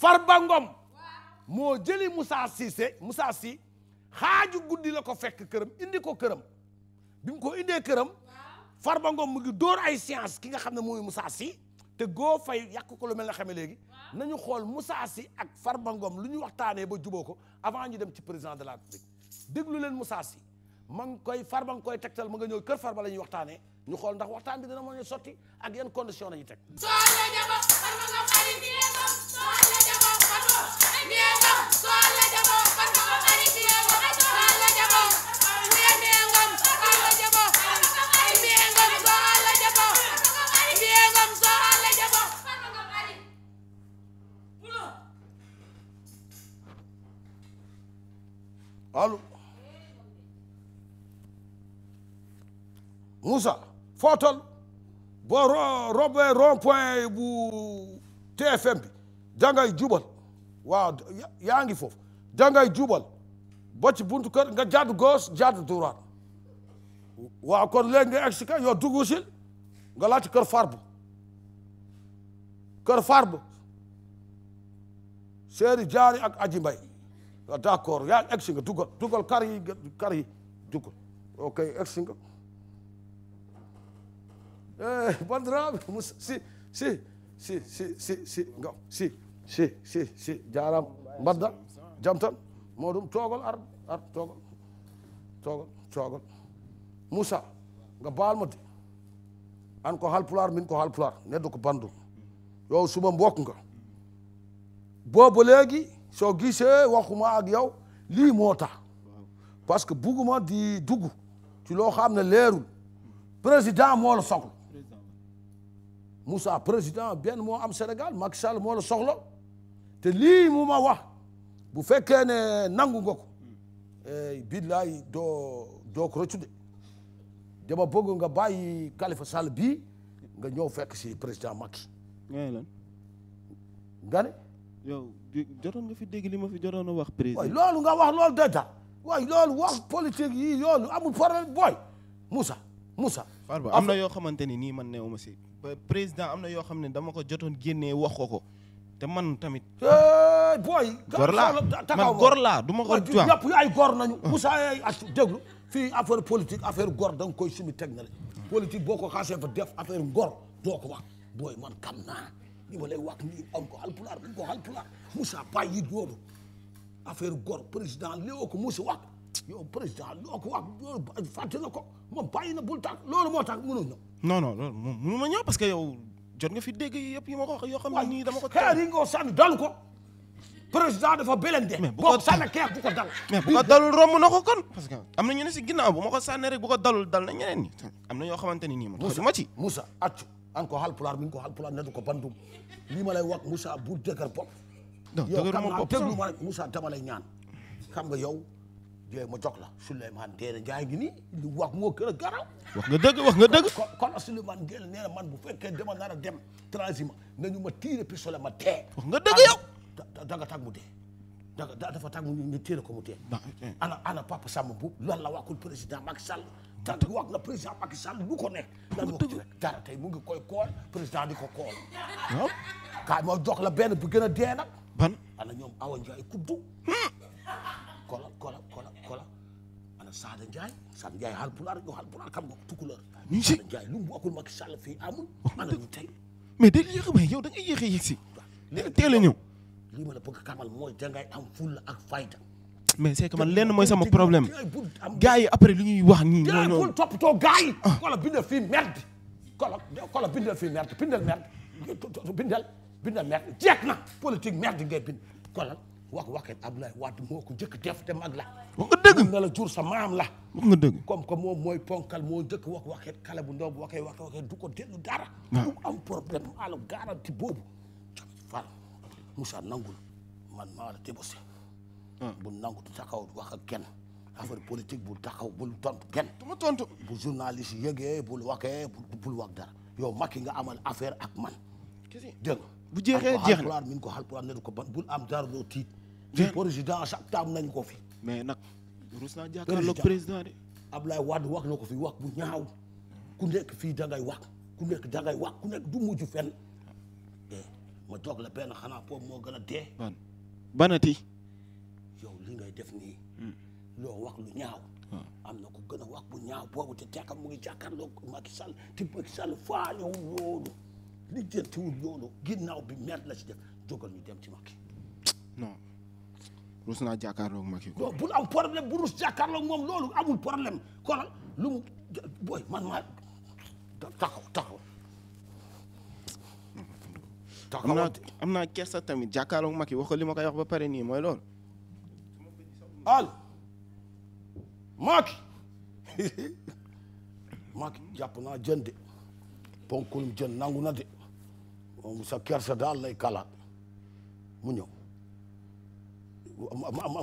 Farba Ngom moo jëli Moussa Cissé Moussa Sy xaaju guddi la ko fekk këram indi ko këram bi mu ko indee këram Farba Ngom mu ngi dóor ay science ki nga xam ne mooy Moussa Sy te goo fay yàq ko lu mel na xamee léegi na ñu xool Moussa Sy ak Farba Ngom lu ñu waxtaanee ba juboo ko avant ñu dem ci président de la République déglu leen Moussa Sy ma ngi koy Farba nga koy tegtal ma nga ñëw kër Farba la ñuy waxtaanee ñu xool ndax waxtaan bi dina mën a sotti ak yan condition la ñuy teg. allo Moussa foo toll boo ro robee rond bu TFM bi dangay jubal waaw yaa ngi foofu dangay jubal ba ci buntu kër nga jàdd gauche jàdd droite waaw kon léegi nga egsi ka yow dugg nga laajte kër Farba kër Farba Seeri Jaari ak Aji Mbay d'accord yaa egsi nga dugal dugal kar yi dugal ok egsi nga bandiraɓe si si si si si si gam si si si si jarama mbadda ar ar togol togol cogol moussa nga baalmo de an ko min ko halpular neɗɗo ko bandum yo suma mbokk nga boobu léegi soo gisee waxuma ak yow lii moo tax parce que bugguma di dugg ci loo xam ne leerul président moo la soxla Moussa président benn moo am Sénégal Macky Sall moo la soxla te lii mu ma wax bu fekkee ne nangu nga ko eh, billaay doo doo ko rëccu de dama bëgg nga bàyyi kalifa Sall bi nga ñëw fekk si président Macky. ngay lan. nga ne. yow jotoon nga fi dégg li ma fi jotoon a wax président. waaye loolu nga wax loolu dëgg waaye loolu wax politique yi loolu amul problème booy Moussa Moussa. Farba am na yoo xamante ni nii man neewuma si. président am na yoo xam ne dama ko jotoon génnee wax ko ko te man tamit. Eh, booy. gor laa man gor laa du ma ko. ñëpp ay gor nañu. Moussa ay eh, eh, as déglu fii affaire politique affaire gor da nga koy sumi teg na la. politique boo ko xaasee fa def affaire ngor doo ko wax booy man kam na li ma lay wax ko alpulaar am ko alpulaar Moussa Paye yi affaire gor président léew ko Moussa yow président loo ko wax fàtte na ko moom loolu moo tax mënoo noo noo non loolu moom mënu ma ñëw parce que yow jot nga fi dégg yëpp yi ma ko wax yoo xam ne nii dama ko. xeer yi nga mais bu ko dal. rom bu ko na ko kon. parce que am na ñu ne si ginnaaw bu ma ko sànnee rek bu ko dalul dal na ñeneen ñi. am na yoo xamante ni nii moom. Moussa Moussa accu an ko halpulaar mi ko halpulaar ne du ko bandum lii lay wax Moussa bu dëgër bopp. non dëgër moom bopp yow xam nga déglu ma rek dama lay ñaan xam nga yow jooy ma jox la Souleymane Téere Njaay gi nii lu wax moo gën a garaw wax nga dëgg wax nga dëgg kon kon Souleymane Gueye nee man bu fekkee dama nar a dem transima nañu ma tiire pistolet ma tee wax nga dëgg yow ah, da nga tag mu dee da dafa tag mu ñu téere ko mu dee eh, eh. ana ana Papa Samba bu loolu la waxul président Macky Sall tant que wax na président Macky Sall lu ko nekk lan wax ci rek dara tey mu ngi koy kool président di ko kool waaw kaay ma jox la benn bu gën a dee nag ban ana ñoom Awa Ndiaye kuddu hmm. kolal ana Sada Ndiaye Sada Ndiaye Haalpulaar yow Haalpulaar xam nga ko Tukulóor. ñu si Sada Ndiaye lu mu waxul Macky Sall fii amul. ana ñu a da ngay yéex a yéeg si. léegi a la bëgg xamal mooy dangay am fulla ak fayda. mais c'est que man lenn mooy sama problème gars yi après li ñuy wax nii. ñooñu ñooñu toppatoo gars ah. bindal bindal fii merde bindal merde bindal bindal kolal wax waxet Abdoulaye Wade moo ko njëkk def te mag la. wax nga dëgg nga la jur sa maam la. wax nga dëgg comme que moom mooy ponkal moo njëkk wax waxet kale bu ndaw bu waxee wax du ko dellu dara. du am problème maa la garanti boobu. Fall Moussa nangul man maa la débosé. Ah. bu nangu du taxaw wax ak kenn affaire politique bul taxaw bul tontu kenn. du ma tontu bu journaliste yëgee bul waxee bul wax dara. yow Macky nga amal affaire ak man. dégg bu jeexee jeex na min ko xalpulaar ne du ko ban bul am dara doo tiit ci président chaque taam nañ ko fi mais nag rus naa loo président de Ablaye Wade wax na ko fi wax bu ñaaw ku nekk fi da ngay wax ku nekk da ngay wax ku eh, ma toog la benn xanaa poofu moo gën a dee ti yow li ngay def nii hmm. loo wax lu ñaaw ah. am na ko gën a wax bu ñaaw boobu te teekam mu ngi jàkkaarloog Macky Sall te Macky Sall faa ñëw loolu li jëntiwul loolu ginnaaw bi met la ci def jógal dem ci Macky non rus naa jàkkaarloog Macky non bul am problème bu rus jàkkaarloog moom loolu amul problème xoolal lu mu booy man am naa am naa kersa tamit jàkkaarloog Macky wax ko li ma koy wax ba pare nii mooy loolu al Macky Macky naa jën de ponkulum jën nangu na de moom sa kersa daal lay kala mu ñëw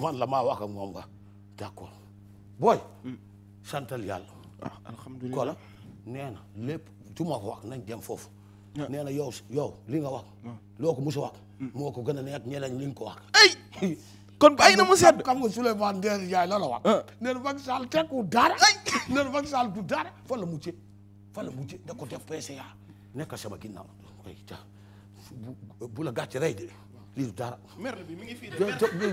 man la maa wax ak moom nga d'accord booy santal yàlla ah, kola nee na lépp tu ma ko wax nañ dem foofu ah. nee yow yow li nga wax ah. loo ko musu wax hmm. moo ko gën a neex ko wax kon bàyyi na mu sedd xam nga Souleymane Nder Ndiaye la la wax nee na Macky Sall tekku dara nee na Macky du dara fan la mujjee fan la mujjee da ko def PCA nekk sama ginnaaw bu bu la gàcce rey de lii du dara. merde bi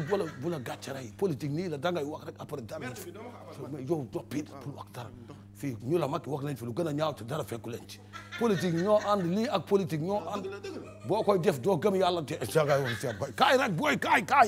bu la gàcce rey politique nii la dangay wax rek après dara. merde bi dama ko ah. dara. fii ñu la mag wax nañ fi lu gën a ñaaw te dara fekku leen ci. politique ñoo ànd lii ak politique ñoo ànd. boo def doo gëm yàlla rek booy kaay kaay.